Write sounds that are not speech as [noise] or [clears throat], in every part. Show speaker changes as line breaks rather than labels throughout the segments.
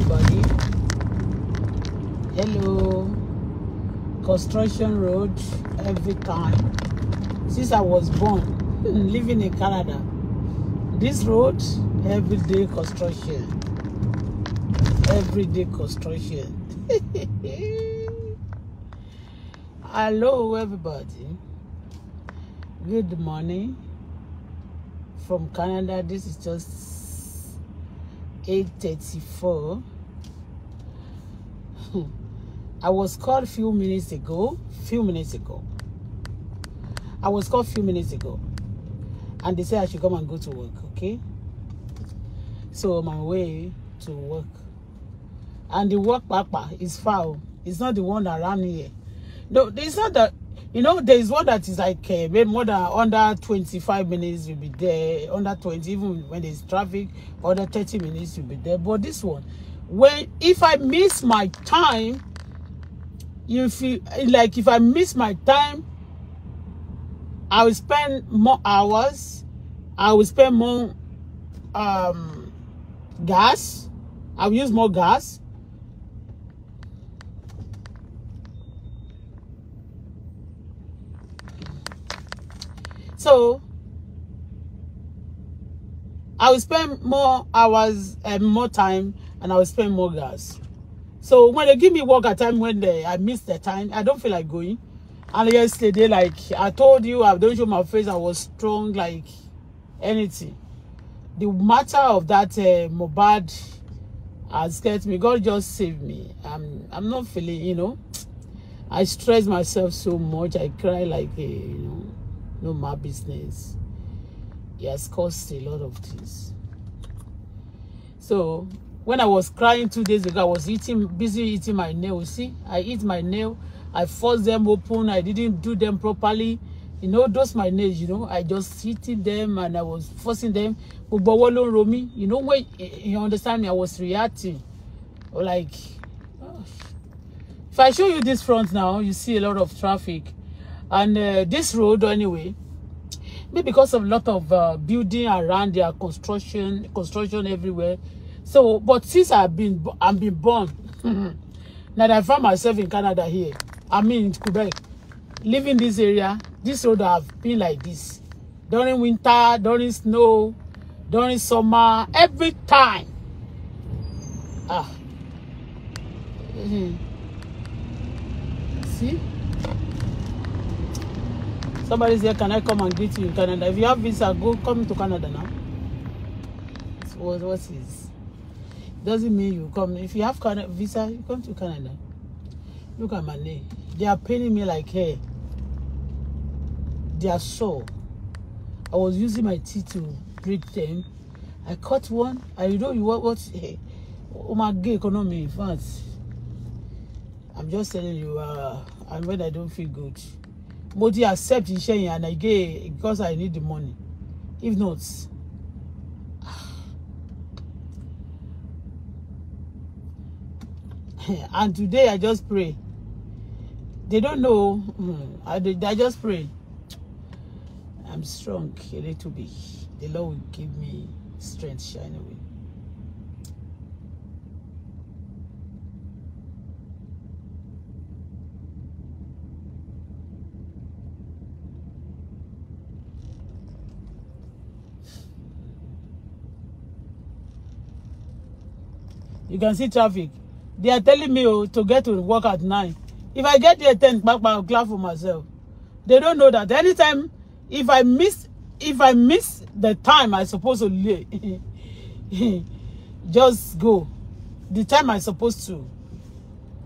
everybody. Hello. Construction road every time. Since I was born, [laughs] living in Canada. This road, every day construction. Every day construction. [laughs] Hello, everybody. Good morning. From Canada, this is just 8.34. Hmm. I was called a few minutes ago. Few minutes ago. I was called a few minutes ago. And they said I should come and go to work, okay? So on my way to work. And the work papa is far. Oh. It's not the one around here. No, it's not that you know there is one that is like uh, more than under 25 minutes will be there under 20 even when there's traffic under 30 minutes will be there but this one when if i miss my time if you like if i miss my time i will spend more hours i will spend more um gas i will use more gas So I will spend more hours and more time and I will spend more gas. So when they give me work at time when they I miss the time, I don't feel like going. And yesterday, like I told you, I don't show my face, I was strong like anything. The matter of that uh, eh, Mobad has scared me. God just saved me. I'm I'm not feeling, you know. I stress myself so much. I cry like you know. no my business It has caused a lot of things so when i was crying two days ago i was eating busy eating my nail see i eat my nail i forced them open i didn't do them properly you know those my nails you know i just hitting them and i was forcing them But ọwọ́ ló ń you know when you understand me i was reacting like if i show you this front now you see a lot of traffic and uh, this road anyway maybe because of a lot of uh, building around their construction construction everywhere so but since i've been i've been born mm-hmm. now that i found myself in canada here i mean in quebec living this area this road have been like this during winter during snow during summer every time ah mm -hmm. see Somebody said, can I come and greet you in Canada? If you have visa, go come to Canada now. So what, what is? Doesn't mean you come. If you have Canada, visa, you come to Canada. Look at my name. They are paying me like hey. They are so. I was using my teeth to break them. I cut one. I you know you what what hey, eh, oh my gay economy in fact. I'm just telling you, uh, and when I don't feel good mo ti accept iṣẹ́ yẹn and i get because i need the money if not [sighs] and today i just pray they don't know mm, i i just pray i'm strong a little bit the lord will give me strength shine away you can see traffic they are telling me oh, to get to work at nine if i get there ten back i go clap for myself they don't know that anytime if i miss if i miss the time i supposed to leave [laughs] just go the time i supposed to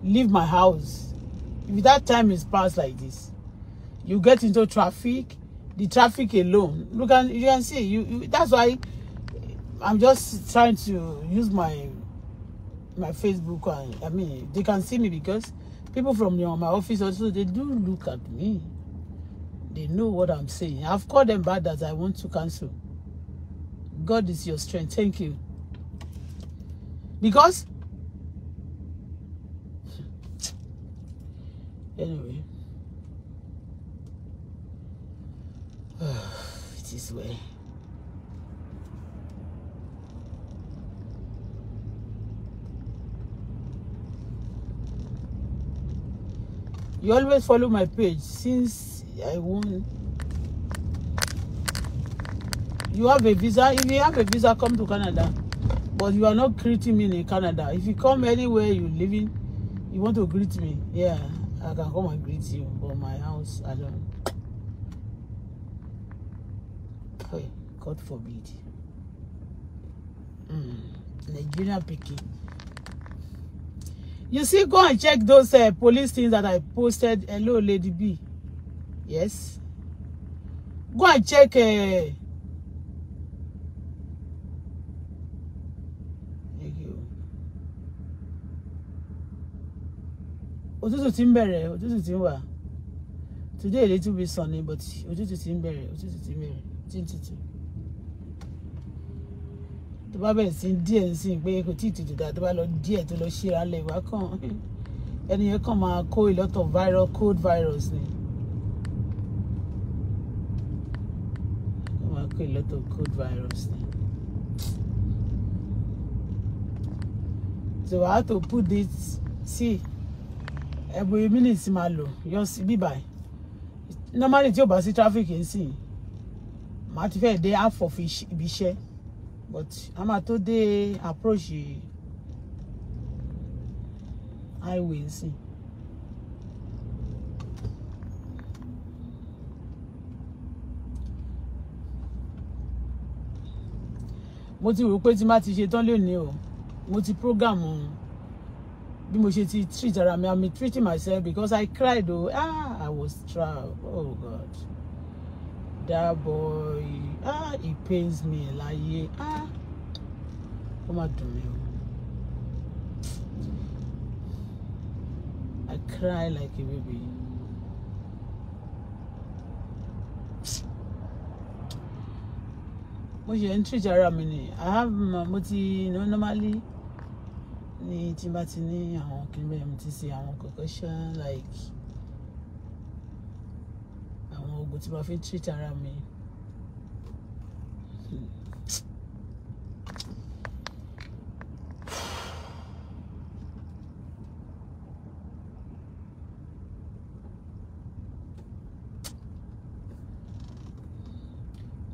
leave my house if that time is passed like this you get into traffic the traffic alone look and you can see you, you that's why i'm just trying to use my my Facebook and uh, I mean they can see me because people from you know, my office also they do look at me. They know what I'm saying. I've called them back that I want to cancel. God is your strength. Thank you. Because anyway. [sighs] it is well. you always follow my page since I won. You have a visa. If you have a visa, come to Canada. But you are not greeting me in Canada. If you come anywhere you living, you want to greet me. Yeah, I can come and greet you. But my house, I don't. Hey, God forbid. Mm. Nigerian picking. You see, go and check those uh, police things that I posted. Uh, hello, Lady B. Yes. Go and check. Uh, òtútù ti ń bẹ̀rẹ̀ òtútù ti ń today a little bit sunny but òtútù ti ń bẹ̀rẹ̀ òtútù ti ń bẹ̀rẹ̀ tó bá bẹ̀rẹ̀ sí díẹ̀ sí pé kò tí ì tutù dá tó bá lọ díẹ̀ tó lọ ṣíra lẹ̀ wá kàn ẹni yẹn kàn máa kó a lot of viral cold virus ni kàn máa kó a lot of cold virus ni. so I had to put this see ẹ̀bùn minutes máa lò yọ sí bíbáyìí normally tí o bá sí traffic yìí sì máa ti fẹ́ dé half of ibi iṣẹ́ but a máa tó dé approach highway sí. mo ti rò pé tí má ti ṣe tán lónìí o mo ti program bí mo ṣe ti treat ara mi i'm treating myself because i cried o oh, ah i was trapped oh god that boy ah it pains me láyé ah ó má dùn mí o I cry like a baby. mo ṣe ń treat ara mi ni I have mo ti normally ní tí bá ti ní àwọn kìnìún bẹ́ẹ̀ mo ti ṣe àwọn kọ̀ọ̀kan ṣá like àwọn oògùn tí mo fi treat ara mi.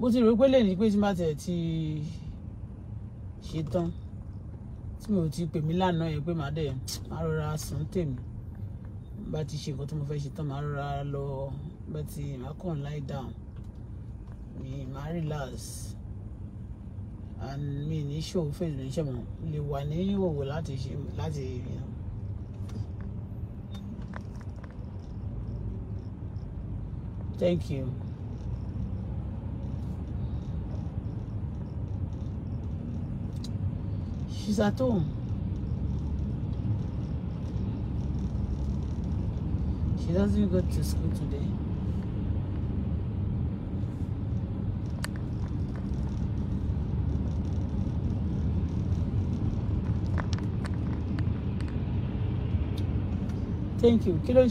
mo ti rò pé lè ní pé tí má tẹ̀ ti ṣe tán tí mo ti pè mí lánàá yẹn pé màá dẹ̀ máa rọra sùn tèmi bá ti ṣe nǹkan tí mo fẹ́ ṣe tán màá rọra lọ bá ti màá kàn lie down mi màá relax and mi ní ṣòwò fèsì mi ṣe mọ̀ lè wà ní ìhòòhò láti ṣe láti yàn. Thank you. She's at home. She doesn't go to school today. Thank you. Kí ló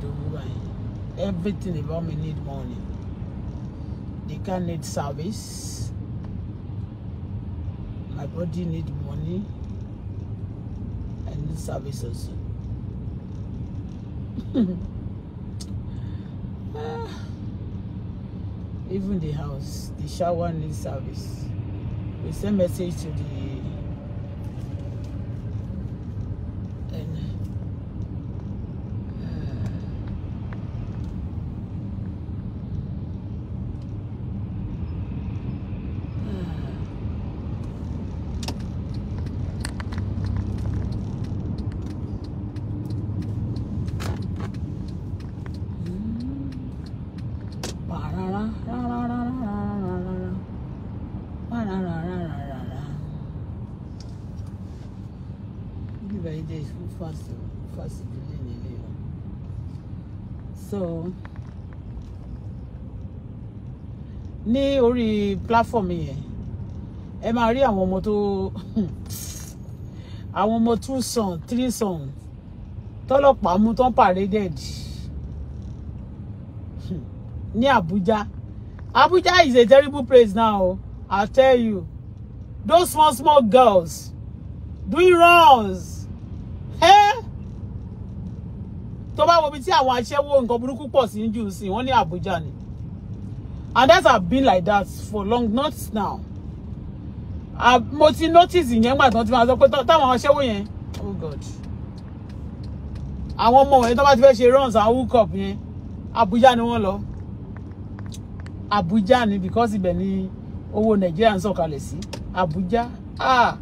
do. everything about me need money. They can need service. My body need money. and need service also. [laughs] Ah. even the house, the shower needs service. We send message to the fast fast delay lélẹ̀ o so ní orí platform yẹn ẹ máa rí àwọn ọmọ tó àwọn ọmọ two son three son tọ́lọ́pàá mú tán paraded ní Abuja Abuja is a terrible place now I tell you those small small girls doing runs tó bá wo ibi tí àwọn aṣẹ́wó nǹkan burúkú pọ̀ sí ń jù sí wọ́n ní Àbújá ni and that have been like that for long not now mo ti notice ìyẹn gbà tán ti máa sọ pé táwọn aṣẹ́wó yẹn oh god àwọn ọmọ wọ̀nyí tó bá ti fẹ́ ṣe runs àwọn hook up yẹn Abuja ni wọ́n lọ Abuja ni because ibẹ̀ ni owó Nàìjíríà ń sọ̀kalẹ̀ sí Àbújá ah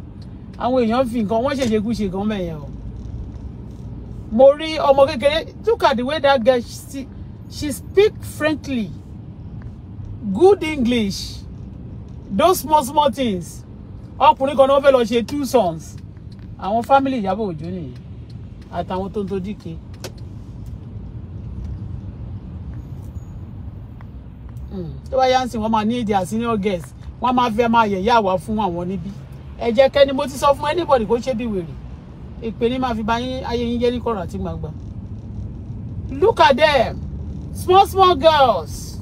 àwọn èèyàn fi nǹkan wọ́n ṣèṣe kú ṣe gan mẹ́yẹn o mo rí ọmọ kékeré look at the way that girl she, she speak frankly good english those small small things ọkùnrin kan ni wọ́n fẹ́ lọ ṣe two sons àwọn family Ìyábọ̀ Òjó nìyẹn àtàwọn tó ń tó díke. Hmm, tó bá yá ń sìn wọ́n máa ní ìdí àsínú guest wọ́n máa fẹ́ máa yẹ̀yẹ́ àwa fún àwọn níbí ẹ jẹ́ kẹ́ni mo ti sọ fún anybody kó ṣe bí wèrè èpè máa fi ba yín ayé yín jẹ́ ní kọ̀rọ̀ àti gbangba look at them small small girls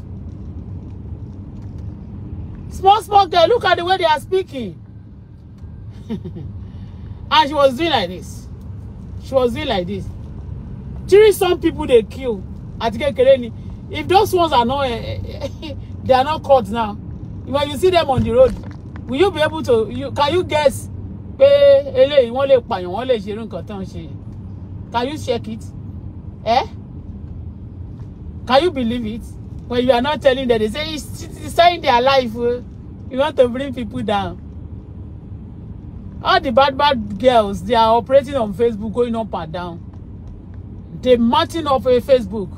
small small girl look at the way they are speaking [laughs] and she was doing like this she was doing like this three some people dey kill àti Kekere. ni if those ones are not [laughs] they are not caught now when you see them on the road will you be able to you can you guess pé eléyìí wọ́n lè pààyàn wọ́n lè ṣerú nǹkan tán ṣe can you check it eh can you believe it when you are not telling them they say it's destroying their life eh? you want to bring people down all the bad bad girls they are operating on Facebook going up and down they mounting up a Facebook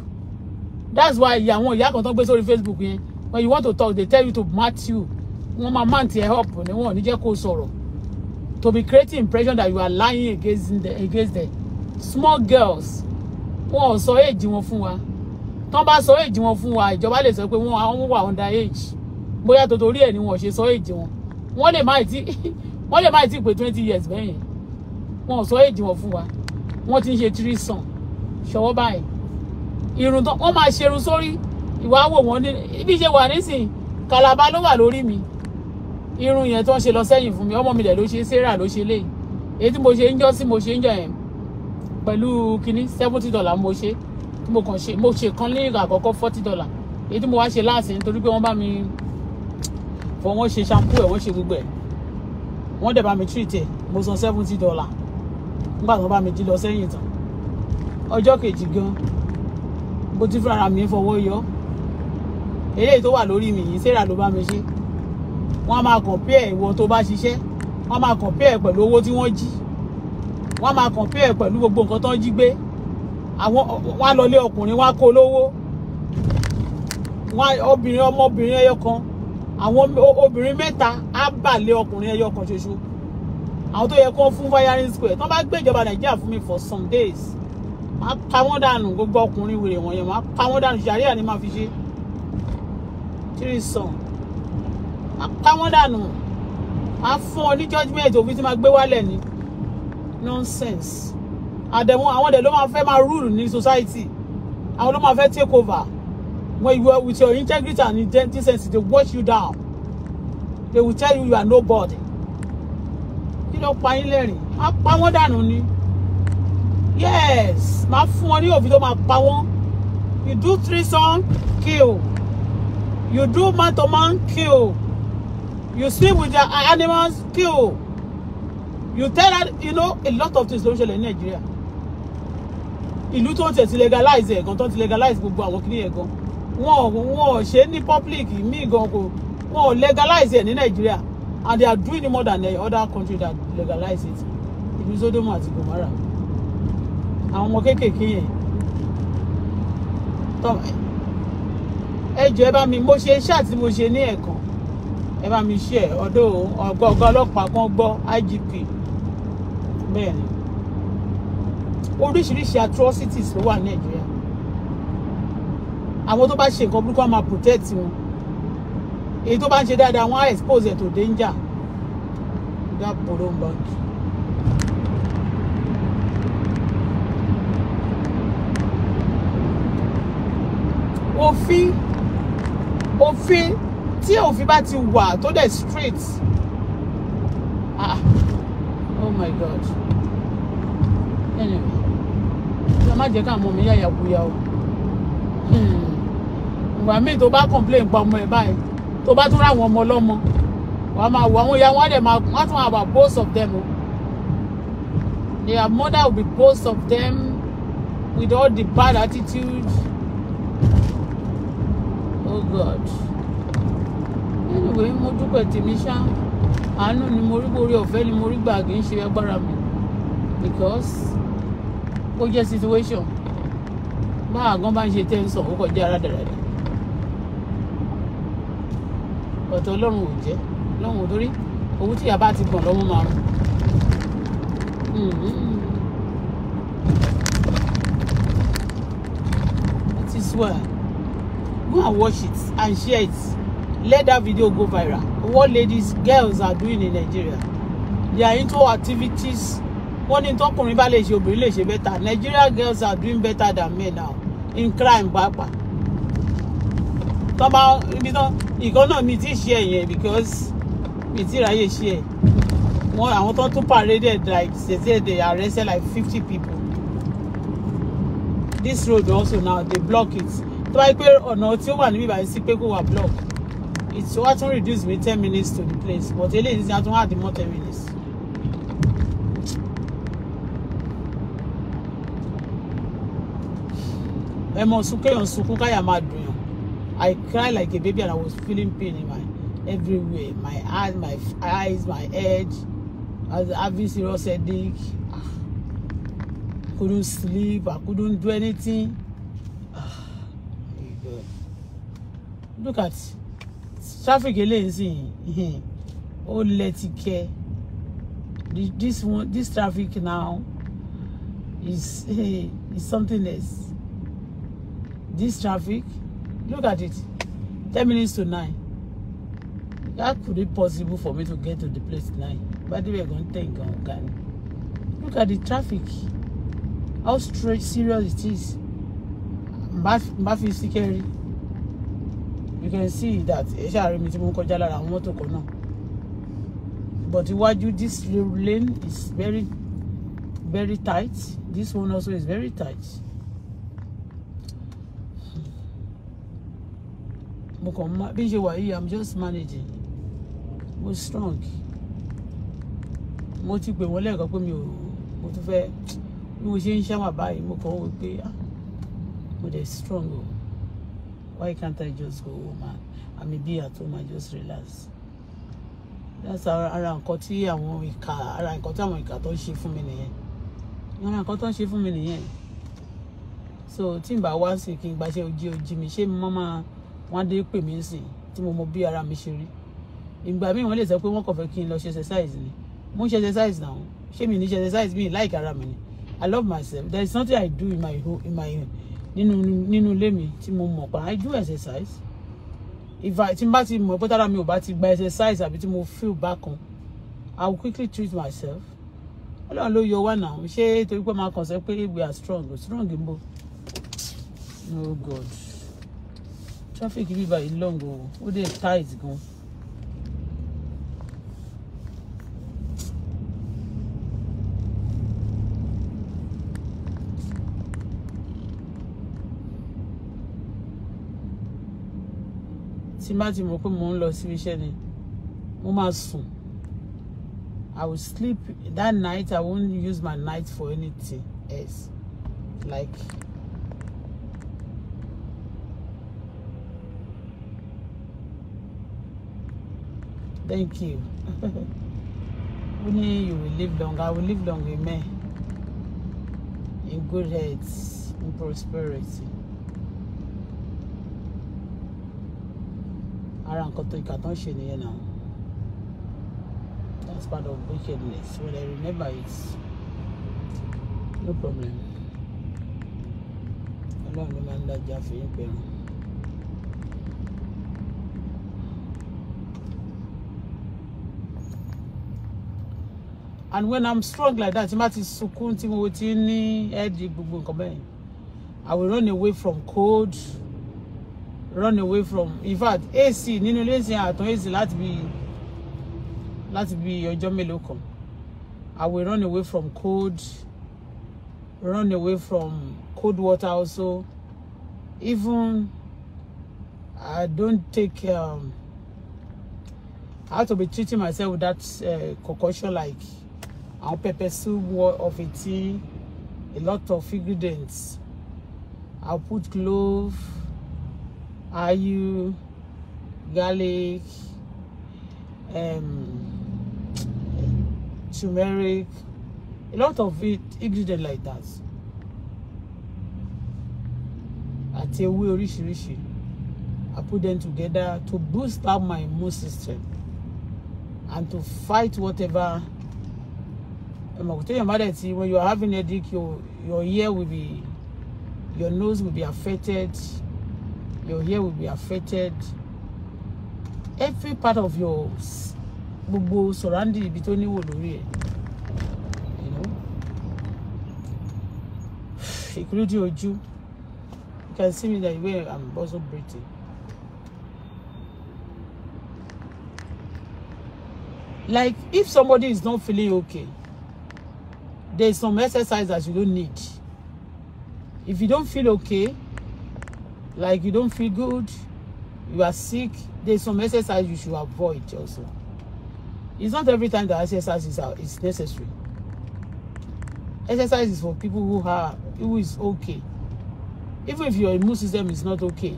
that's why ìyá àwọn ìyá kan tó ń gbé sórí Facebook yẹn when you want to talk they tell you to mount you wọ́n máa mount ẹ up ni wọ́n ò ní jẹ́ kó sọ̀rọ̀ to be creating impression that you are lying against the against the small girls wọn ò sọ èjì wọn fún wa tán bá sọ èjì wọn fún wa ìjọba lè sọ pé wọn wà under age bóyá torí ẹ̀ ni wọn ò ṣe sọ èjì wọn wọn lè má ti [laughs] wọn lè má ti pé twenty years bẹ́ẹ̀ yẹn wọn ò sọ èjì wọn fún wa wọn ti ń ṣe three sàn ṣọwọ́ báyìí irun tán wọn máa ṣerun sórí ìwà wò wọn ní ibi ṣe wà nísìnyí kàlàbà ló wà lórí mi irun yẹn tó ń ṣe lọ sẹ́yìn fún mi ọmọ mi dẹ̀ ló ṣe sarah ló ṣe léyìn èyí tí mo ṣe ń jọ́ sí mo ṣe ń jọ yẹn pẹ̀lú kínní seventy dollar mo ṣe tí mo kàn ṣe mo ṣe kan ní ìgbà àkọ́kọ́ forty dollar èyí tí mo wá ṣe láàsì nítorí pé wọ́n bá mi fọ wọ́n ṣe shampoo ẹ̀ wọ́n ṣe gbogbo ẹ̀ wọ́n dẹ̀ bá mi treat ẹ̀ mo san seventy dollar nígbà tí wọ́n bá mi jí lọ sẹ́yìn tán ọjọ́ kejì gan mo ti fúnra mi fọwọ́ yọ eléyìí tó wà lórí mi yìí sarah ló bá mi ṣe wọ́n á máa compare ìwọ tó bá ṣiṣẹ́ wọ́n á máa compare pẹ̀lú owó tí wọ́n jí wọ́n á máa compare pẹ̀lú gbogbo nǹkan tó ń jí gbé àwọn wọ́n á ọkùnrin wọ́n kó lówó wọ́n obìnrin ọmọbìnrin ẹyọ kan àwọn obìnrin mẹ́ta á bà lé ọkùnrin ẹyọ kan ṣoṣo àwọn tó yẹ kó fún firing square tó bá gbé ìjọba nàìjíríà fún mi for some days máa pa wọ́n dànù gbogbo ọkùnrin wèrè wọ̀nyẹn máa pa wọ́n dànù sàríà ni máa fi ṣe tírísàn máa pa wọ́n dànù máa fún ọ ní judgement òfin tí máa gbé wálẹ̀ ni nonsense àdẹ̀mú àwọn ọ̀dẹ̀ ló máa fẹ́ máa rule ní society àwọn ló máa fẹ́ take over when you are with your integrity and decency they wash you down they will tell you you are nobody kí ló pa yín lẹ́rìn máa pa wọ́n dànù ni yes máa fún ọ ní òfin tó máa pa wọ́n you do three song kill you do man to man kill. You see, with the animals, kill. You tell her, you know, a lot of things ló ń ṣẹlẹ̀ ní Nàìjíríà. Ìlú tó ń tẹ̀ ti legalize ẹ̀ gan, tó ń ti legalize gbogbo àwọn kìnìún ẹ̀ gan. Wọ́n wọ́n ṣe ní public mí gan kò wọ́n legalize ẹ̀ ní Nàìjíríà and they are doing more than the other country that legalize it. Ìlú Sódómù àti Gòmárà. Àwọn ọmọ kéékèèké yẹn. Ẹ jọ̀ọ́ ẹ bá mi, mo ṣe iṣẹ́ àti mo ṣe ní ẹ̀kan ẹ bá mi ṣe ẹ ọdọ ọgọ ọgá ọlọ́pàá kan gbọ́ IGP bẹ́ẹ̀ ni oríṣiríṣi atrocities ló wà ní Nàìjíríà àwọn tó bá ṣe nǹkan burúkú wọn máa protect wọn èyí tó bá ń ṣe dáadáa wọn á expose ẹ to danger dáàbò ló ń bá jù. òfin òfin tí òfin bá ti wà tó dẹ̀ straight ah oh my god anyway ṣe má jẹ́ káwọn ọmọ mi yàyà kúya o hmm, ìgbà míì tó bá complain pa ọmọ ẹ̀ báyìí tó bá tún ráwọn ọmọ ọlọ́mọ wà á máa wọ àwọn ìyá wọn á dẹ̀ máa wọ́n tún máa bà both of them o their mother will be both of them with all the bad attitude oh god ìwé mo dúpẹ́ tèmi ṣá àánú ni mo rí borí ọ̀fẹ́ ni mo rí gbà kì í ṣe agbára mi because ó jẹ́ situation bá àgán bá ń ṣe tẹ́ńsán ó kọjá rádaràdà ọ̀tọ̀ ọlọ́run ò jẹ́ ọlọ́run ò torí owó tí yàrá ti gbọ̀n lọ́wọ́ máa mú. Hmm. it is well go and watch it and share it let that video go viral what ladies girls are doing in Nigeria they are into activities wọ́n ní tọkùnrin bá lè ṣe obìnrin lè ṣe better Nigeria girls are doing better than men now in crime pàápàá tọ́ba ibi tán ìkan náà mi ti ṣe ẹ̀yẹn because mi ti ráyè ṣe ẹ̀ wọ́n àwọn tó tún paraded like they say they arrested like fifty people this road also now they block it tó bá yẹ pé ọ̀nà tí ó wà níbí báyìí sí pé kó wà block It's what reduced me ten minutes to the place but eléyìí ti àtúnwá àti mọ́ ten minutes. ẹ mọ sunkẹyọ sunkún káyà máa dùn I cry like a baby and I was feeling pain in my everywhere my eyes my eyes my head I was having serious headache ah. couldn't sleep I couldn't do anything. Ah. Look at traffic eléyìí sì ó lẹ́tí kẹ́ this one this traffic now is is something else this traffic look at it ten minutes to nine How could it possible for me to get to the place nine gbadebe going to take ọ̀gá ni look at the traffic how straight serious it is mbà fi sí you can see that ẹ ṣàárẹ̀ mi tí mo ń kọjá lára àwọn mọ́tò kan náà but iwájú this lane is very very tight this one also is very tight mo kàn má bí n ṣe wà yìí i'm just managing mo strong mo ti pè wọ́n lẹ́ẹ̀kan pé mi ò mo tún fẹ́ bí mo ṣe ń ṣàmà báyìí mo kàn wò pé ah mo dẹ̀ strong o. Oh. Why can't I just go home and I may be at home and just relax? That's our nǹkan tí àwọn ìka ara nǹkan tí àwọn ìka tó ń ṣe fún mi nìyẹn. Ara nǹkan tó ń So tí n bá wá sí kí n gbaṣẹ́ ojí ojí mi ṣé mo máa wọ́n á dé pè mí sí tí mo mọ bí ara mi ṣe rí. Ìgbà míì wọ́n lè sọ pé wọ́n kàn fẹ́ kí n lọ ṣe exercise ni. Mo ń ṣe exercise náà. Ṣé mi exercise mi like ara mi I love myself. There is nothing I do in my in my nínú nínú ilé mi tí mo mọ̀ pa I do exercise if I tí n bá ti mọ̀ pé tára mi ò bá ti gba exercise àbí tí mo feel bákan I will quickly treat myself ọlọ́run ló yọ wá náà ṣé torí pé máa kàn sẹ́ pé we are strong strong ń bọ̀ no oh God traffic bíbá yìí long o ó dé tight gan tí má ti mọ̀ pé mò ń lọ síbi iṣẹ́ ni mo máa sùn I will sleep that night I won't use my night for anything else like. Thank you. Only [laughs] you will live long. I will live long, me, In good health, in prosperity. ara nǹkan tó ìkà tán ṣe nìyẹn náà that's part of wickedness when I remember it no problem ọlọ́run ló máa ń dájà fi ń pẹ̀rùn. and when i'm strong like that tí n bá ti sunkún tí mo ti i will run away from cold run away from in fact AC nínú ilé ìsìn àtàn AC láti bí láti bí ọjọ́ mélòó kan I will run away from cold run away from cold water also even I don't take um, I have to be treating myself with that uh, eh, concoction like àwọn pepper soup of a tea a lot of ingredients I put clove ayu garlic um, turmeric a lot of it ingredient like that àti ewé oríṣiríṣi I put them together to boost up my immune system and to fight whatever when you are having a headache your your ear will be your nose will be affected your hair will be affected every part of your gbogbo surrounding ibi tó níwò lórí ẹ you know [sighs] including your ojú you can see me that way I'm also breathing. like if somebody is not feeling okay there is some exercise that you don't need if you don't feel okay like you don't feel good you are sick there's some exercise you should avoid also it's not every time that exercise is, uh, is necessary exercise is for people who are who is okay even if your immune system is not okay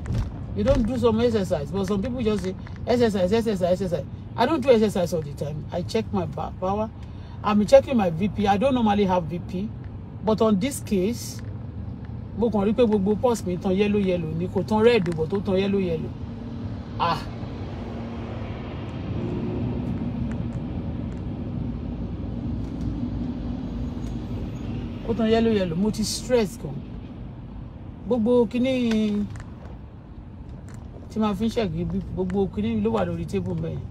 you don't do some exercise but some people just say exercise exercise exercise i don't do exercise all the time i check my power i'm checking my vp i don't normally have vp but on this case mo kàn rí pé gbogbo pọ́s mi tan yẹ́lò yẹ́lò ni kò tan rẹ́ẹ̀dì bọ̀ tó tan yẹ́lò yẹ́lò ah. ó tan yẹ́lò yẹ́lò mo ti stress kan gbogbo kíní tí máa fi ń ṣẹ̀gbìn bí gbogbo kíní ló wà lórí tébù mẹ́yìn.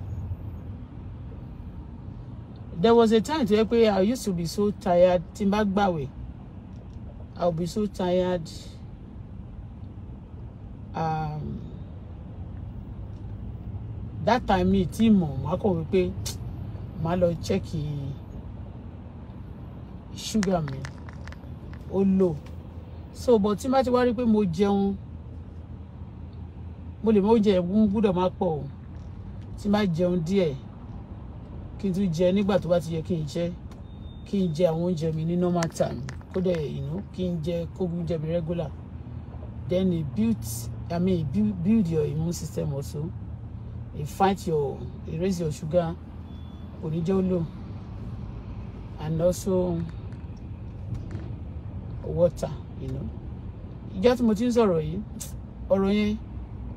there was a time to yẹ pé I used to be so tired tí n bá gbàwẹ̀ I'll be so tired. Um, that time mi tí mọ̀ má kọ̀ wípé má lọ chẹ́kì ṣúgà mi ó lò so but tí má ti wá rí pé mo jẹun mo lè mọ oúnjẹ ẹ̀gbọ́n gbúdọ̀ má pọ̀ o tí má jẹun díẹ̀ kí n tún jẹ ti yẹ kí n jẹ kí n jẹ mi ní normal time kó dẹ̀ ìnú kí n jẹ kógun regular then it builds i mean it build, build your immune system also it fight your it raise your sugar kò ní and also water you know ìjọ tí mo ti ń sọ̀rọ̀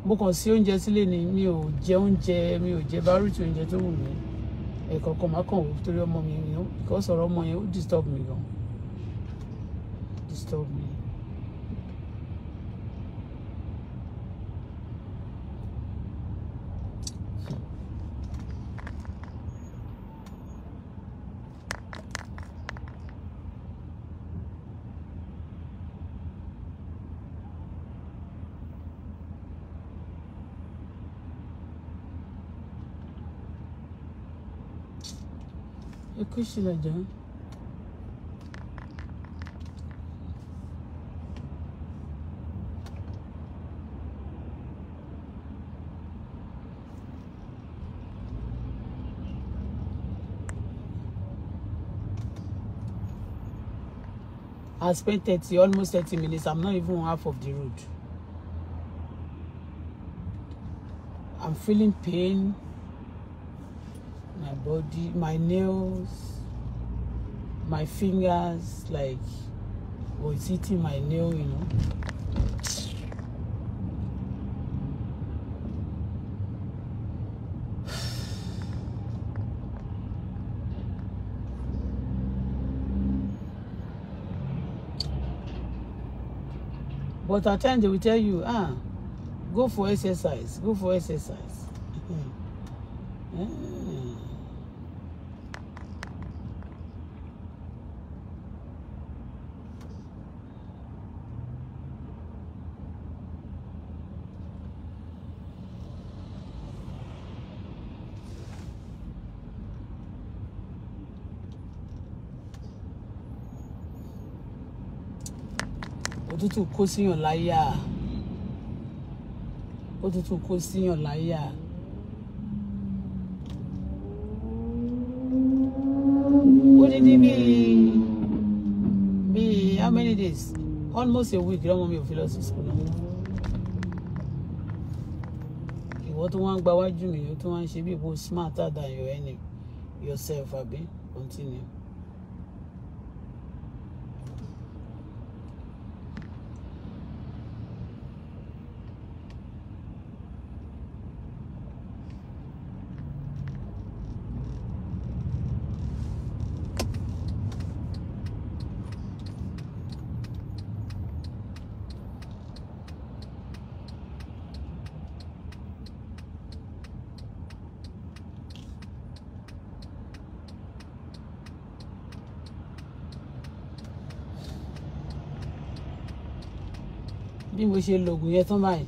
mo kàn sí oúnjẹ sílé ni mi ò jẹ oúnjẹ mi ò jẹ bárùtì oúnjẹ tó wù mí ẹ̀kọ̀ọ̀kan máa kàn wò torí ọmọ mi yẹn because ọ̀rọ̀ ọmọ yẹn ó disturb mi gan. parents told me. Yakışılacak. I spent 30, almost 30 minutes. I'm not even half of the road. I'm feeling pain. My body, my nails, my fingers, like, was oh, hitting my nail, you know. But at times they will tell you, ah, go for exercise, go for exercise. yeah. [laughs] òtútù kó síyàn láyà òtútù kó síyàn láyà. odidi bíi bíi how many days almost a week lọ́mọ mi ò fi lọ sí school náà. ìwọ tó wá ń gba wájú mi ìwọ tó wá ń ṣe bí ìwọ smarter than your enemy yourself àbí continue. bí mo ṣe lo yẹn tán báyìí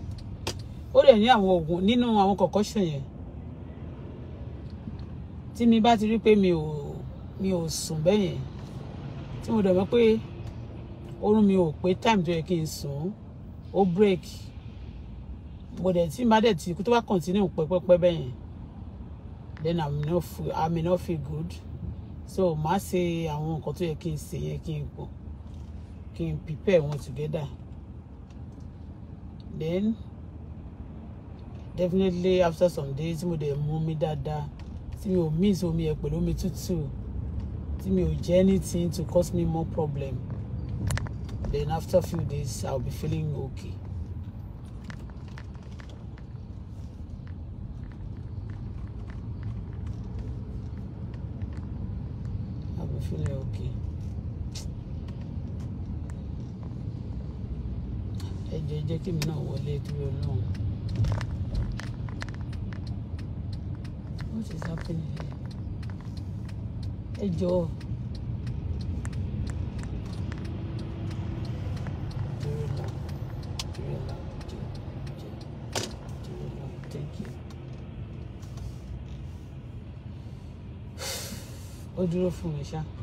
ó dẹ̀ ní àwọn oògùn nínú àwọn concoction yẹn tí mi bá ti rí pé mi ò mi ò sùn bẹ́ẹ̀ yẹn tí mo dẹ̀ pé oorun mi ò pé time tó yẹ kí n sùn ó break mo dẹ̀ tí n bá dẹ̀ ti kú tó bá continue pẹ́pẹ́pẹ́ bẹ́ẹ̀ yẹn then i'm not feel i may not feel good so màá ṣe àwọn nǹkan tó yẹ kí n ṣe yẹn kí n pọ̀ kí n prepare wọn together then definitely after some days tí mo dẹ̀ mú omi dáadáa tí mi ò mix omi ẹ̀ pẹ̀lú omi tútù tí mi ò jẹ́ anything to cause me more problem then after few days I'll be feeling okay. ẹjọ jẹ́ kí mi náà wọlé dúró náà what is happening here ẹjọ dúró náà dúró náà jẹ jẹ dúró fún mi ṣáá.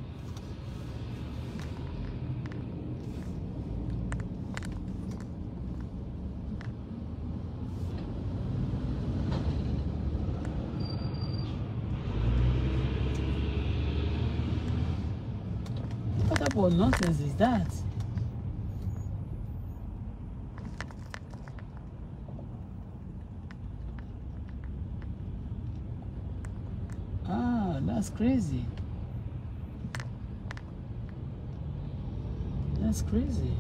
that? Ah, that's crazy. That's crazy.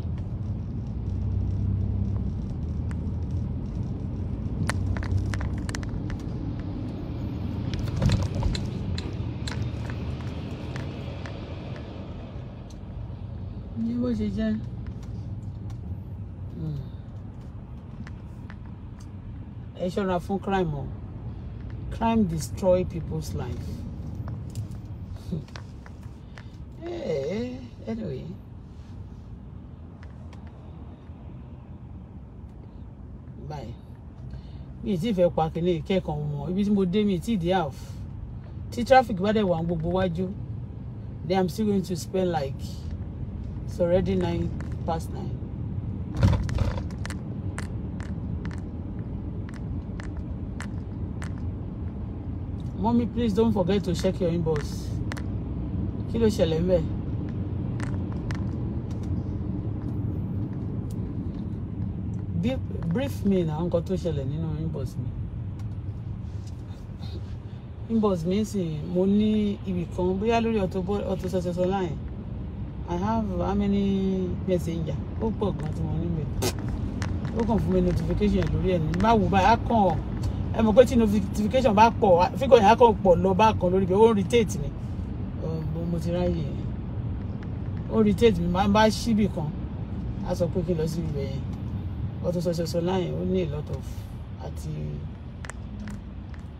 jẹ́ hmm. ẹ ṣọ́ra crime o crime destroy people's life hey, hmm. eh, eh, anyway. báyìí mi ti fẹ́ pa kínní ìkẹ́kọ̀ọ́ mọ̀ ibi tí mo dé mi ti di half tí traffic bá dẹ̀ wà gbogbo wájú then i'm still going to spend like It's already nine past nine. Mommy, please don't forget to check your inbox. Kilo ló Brief me now, Uncle. tó ṣẹlẹ̀ nínú inbox mi. Inbox mi sì mo ní ibì kan bóyá lórí Auto Success Online. I have how many messenger ó pọ̀ gan tí wọ́n ní mi ó kàn fún mi notification lórí ẹ̀ ní báwo báyìí á kàn ẹ mọ̀ pé tí notification bá pọ̀ fíkọ̀ yẹn á kàn pọ̀ lọ bá kan lórí bẹ́ẹ̀ ó ń retate ni mo ti ráyè ó retate mi máa ń bá ṣíbì kan á sọ pé kí n lọ sí ibẹ̀ yẹn ọtún sọsọsọ láyìn ó ní a lot of àti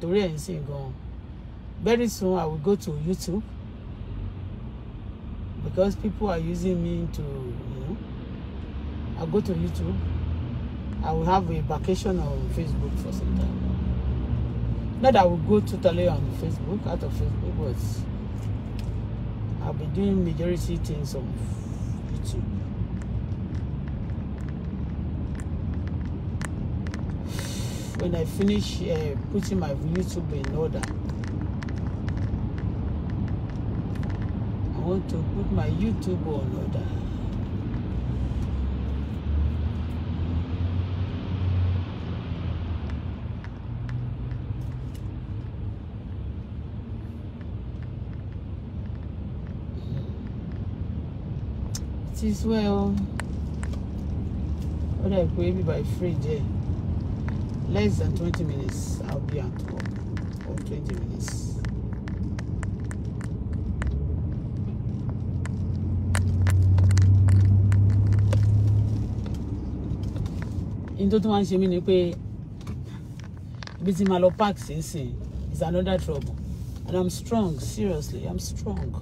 torí ẹ̀ ń sìn gan very soon I will go to YouTube because people are using me to, you know, I go to YouTube. I will have a vacation on Facebook for some time. Not that I will go totally on Facebook, out of Facebook, but I'll be doing majority things on YouTube. When I finish uh, putting my YouTube in order, want to put my YouTube on order. It is well. What I pay me by free day. Eh? Less than 20 minutes, I'll be at home. Or 20 minutes. in tó tún wá ń ṣe mí ni pé ibi tí màá lọ park sí ń sìn is another trouble and i'm strong seriously i'm strong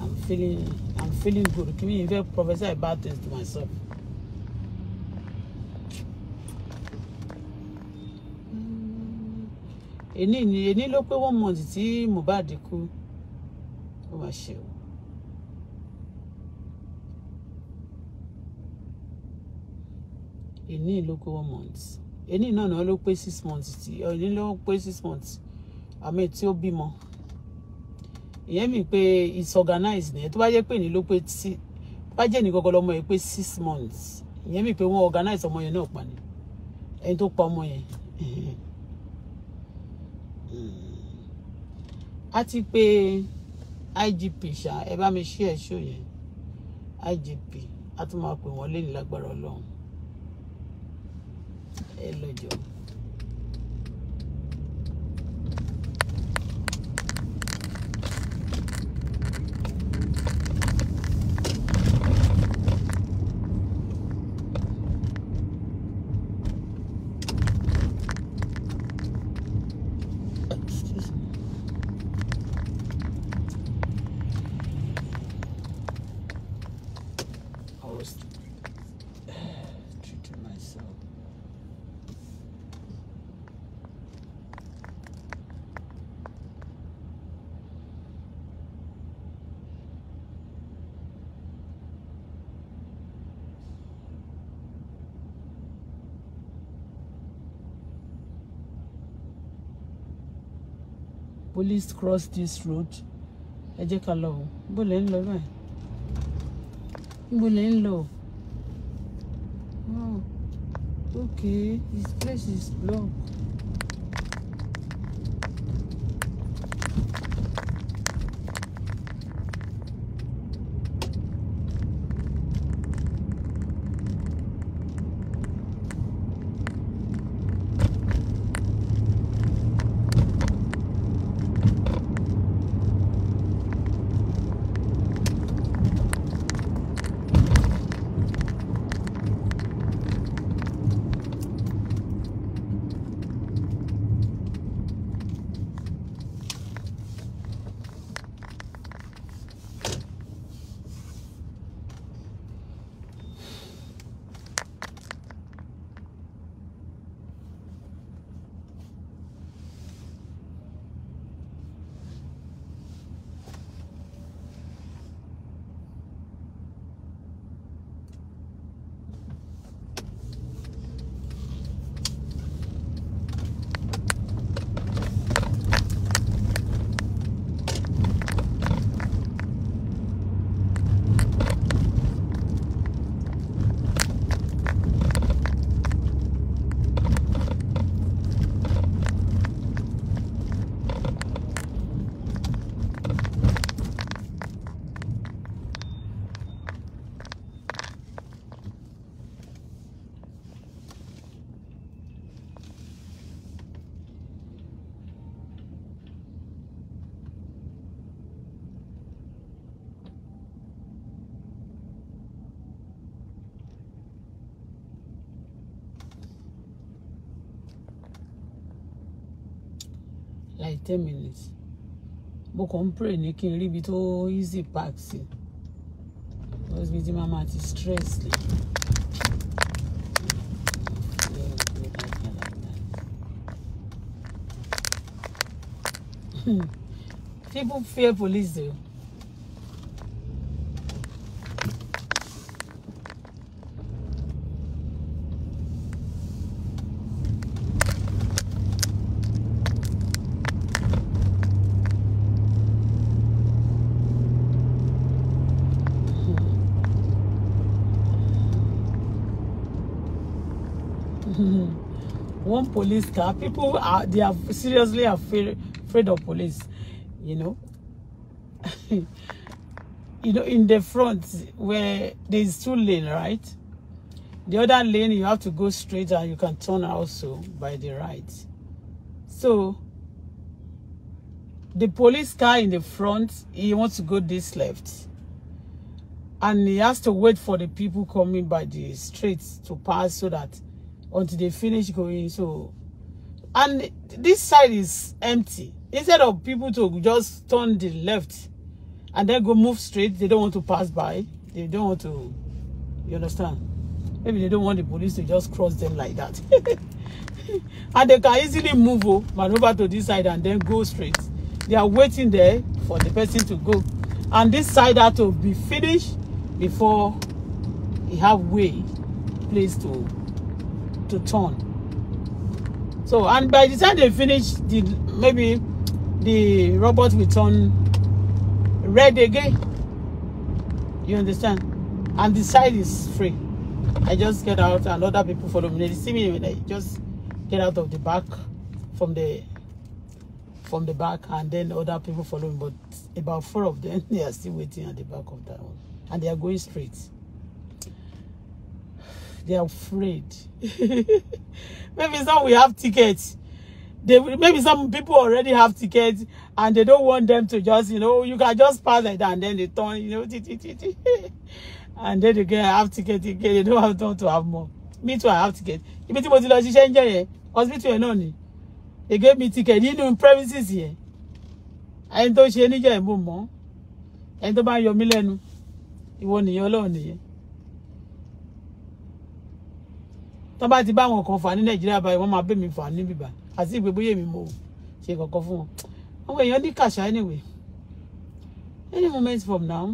i'm feeling i'm feeling good kí mi ìfẹ́ prophesy bad things to myself. èní ni èní ló pé one month tí Mohbad kú ó máa ṣe o. èní ló pé one month èní náà náà ló pé six months tí èní ló pé six months àmì tí ó bímọ ìyẹn mi pé it's organized nìyẹn tó bá jẹ́ pé èní ló pé tí bá jẹ́ ní gọ́gọ́ lọ́mọ yẹn pé six months ìyẹn mi pé wọ́n organize ọmọ yẹn náà pa ni ẹni tó pa ọmọ yẹn a ti pé IGP ṣá ẹ bá mi ṣí ẹ̀ ṣó yẹn IGP a tún máa pè wọ́n lé ní lágbára Ọlọ́run. Él lo yo. police cross this road ẹ jẹ́ ká lọ o bó lè ń lọ báyìí bó lè ń lọ o oh, okay this place is blocked. ten minutes mo kàn ń pray ní kí n rí ibi tó easy park sí because mi ti máa ma ti stress lè. Hmm. People fear police though. [laughs] one police car. People are they are seriously afraid afraid of police, you know. [laughs] you know, in the front where there is two lane, right? The other lane you have to go straight and you can turn also by the right. So the police car in the front, he wants to go this left. And he has to wait for the people coming by the streets to pass so that until they finish going. So, and this side is empty. Instead of people to just turn the left and then go move straight, they don't want to pass by. They don't want to, you understand? Maybe they don't want the police to just cross them like that. [laughs] and they can easily move, oh, maneuver to this side and then go straight. They are waiting there for the person to go. And this side has to be finished before they have way place to to turn so and by the time they finish the maybe the robot will turn red again you understand and the side is free I just get out and other people follow me they see me when I just get out of the back from the from the back and then other people follow me but about four of them [laughs] they are still waiting at the back of that one and they are going straight they are afraid [laughs] maybe some we have tickets they maybe some people already have tickets and they don't want them to just you know you can just pass like that and then they turn you know [laughs] and then they get have ticket again they don't have time to have more me too i have ticket ibi tí mo ti lọ ṣiṣẹ́ ń jẹ́ yẹn hospital yẹn they gave me ticket You know premises here. I don't change any more mọ́ ẹni tó bá yọ mí lẹ́nu ìwọ nìyẹn ọlọ́run wọ́n bá ti bá àwọn kan fà ní nàìjíríà báyìí wọ́n máa bẹ̀ mí fà níbí báyìí àti ìgbé bóyá èmi mo ṣe kankan fún wọn àwọn èèyàn ní kàṣà anyway any moment from now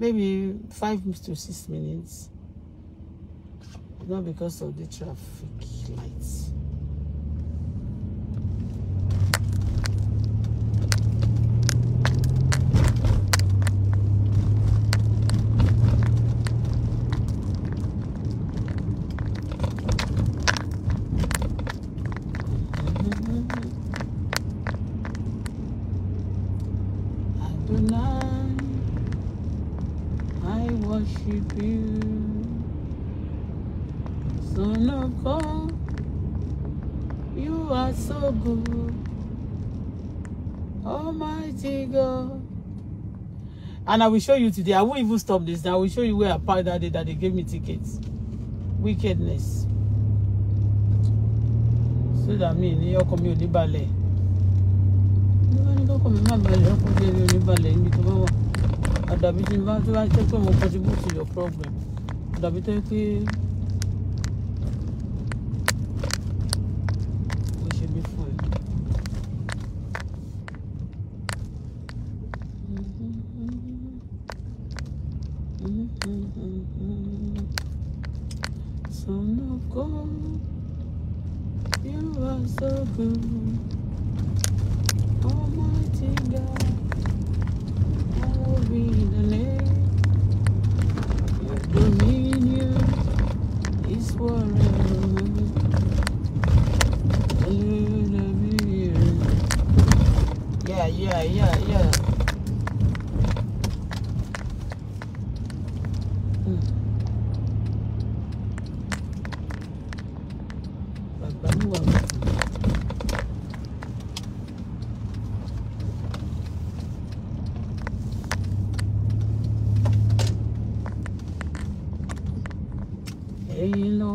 maybe five to six minutes not because of the traffic lights. worship you, Son of God. You are so good, Almighty God. And I will show you today. I won't even stop this. I will show you where I parked that day that they gave me tickets. Wickedness. So that me, ní ọkàn mi ò ní balẹ̀. Nígbà ní ọkàn mi má balẹ̀, ọkàn mi ò ní balẹ̀ níbi tó bá wà àdàbí tí wọ́n bá jẹ́ pé mo contribute to your problem àdàbí tó yẹ pé.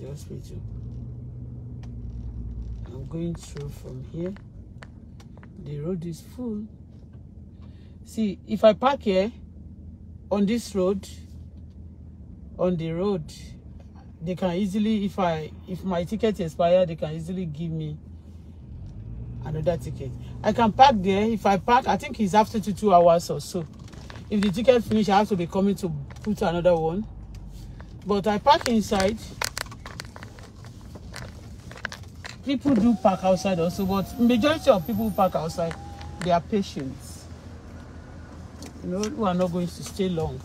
Just the hospital i'm going through from here the road is full see if i park here on this road on the road they can easily if i if my ticket expires, they can easily give me another ticket i can park there if i park i think it's after two two hours or so if the ticket finish i have to be coming to put another one but i park inside people do park outside also, but majority of people who park outside, they are patients. You know, who are not going to stay long.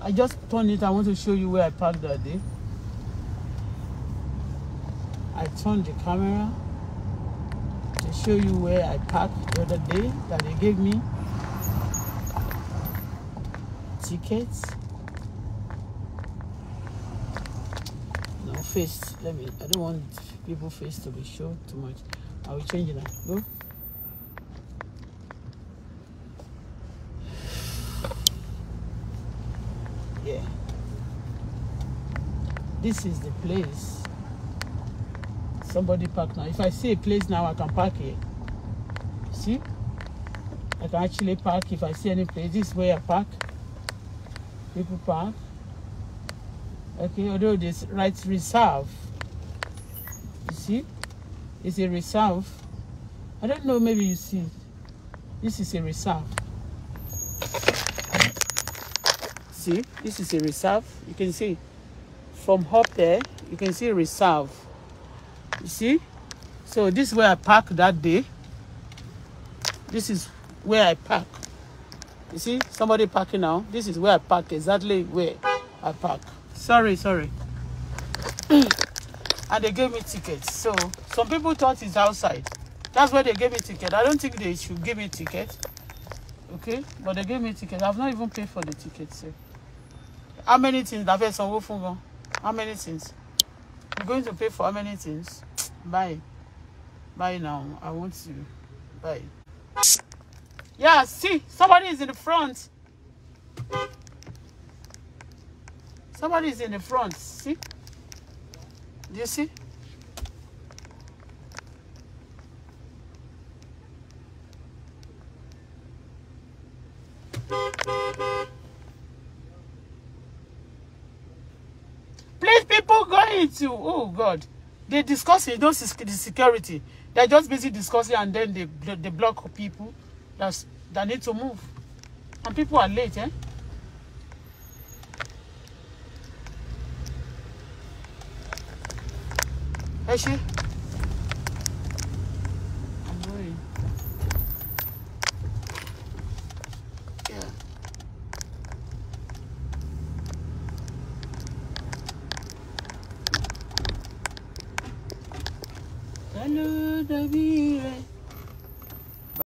I just turned it. I want to show you where I parked that day. I turned the camera to show you where I parked the other day that they gave me tickets. face. Let me. I don't want people face to be show too much. I will change it now. Go. Yeah. This is the place. Somebody park now. If I see a place now, I can park here. See? I can actually park if I see any place. This is where I park. People park okay although this right reserve you see it's a reserve i don't know maybe you see this is a reserve see this is a reserve you can see from up there you can see reserve you see so this is where i parked that day this is where i park you see somebody parking now this is where i park exactly where i park sorry sorry [clears throat] and they gave me tickets so some people thought it's outside that's why they gave me ticket i don't think they should give me ticket okay but they gave me ticket i've not even paid for the ticket so how many things la fẹ́ sanwó fún gan how many things you going to pay for how many things bye [tsk] bye now i want you bye yeah see somebody is in the front. Somebody is in the front. See? Do you see? Please, people go into. Oh, God. They discuss it. Those is the security. They're just busy discussing and then they, they, block people that's, that need to move. And people are late, eh? Her şey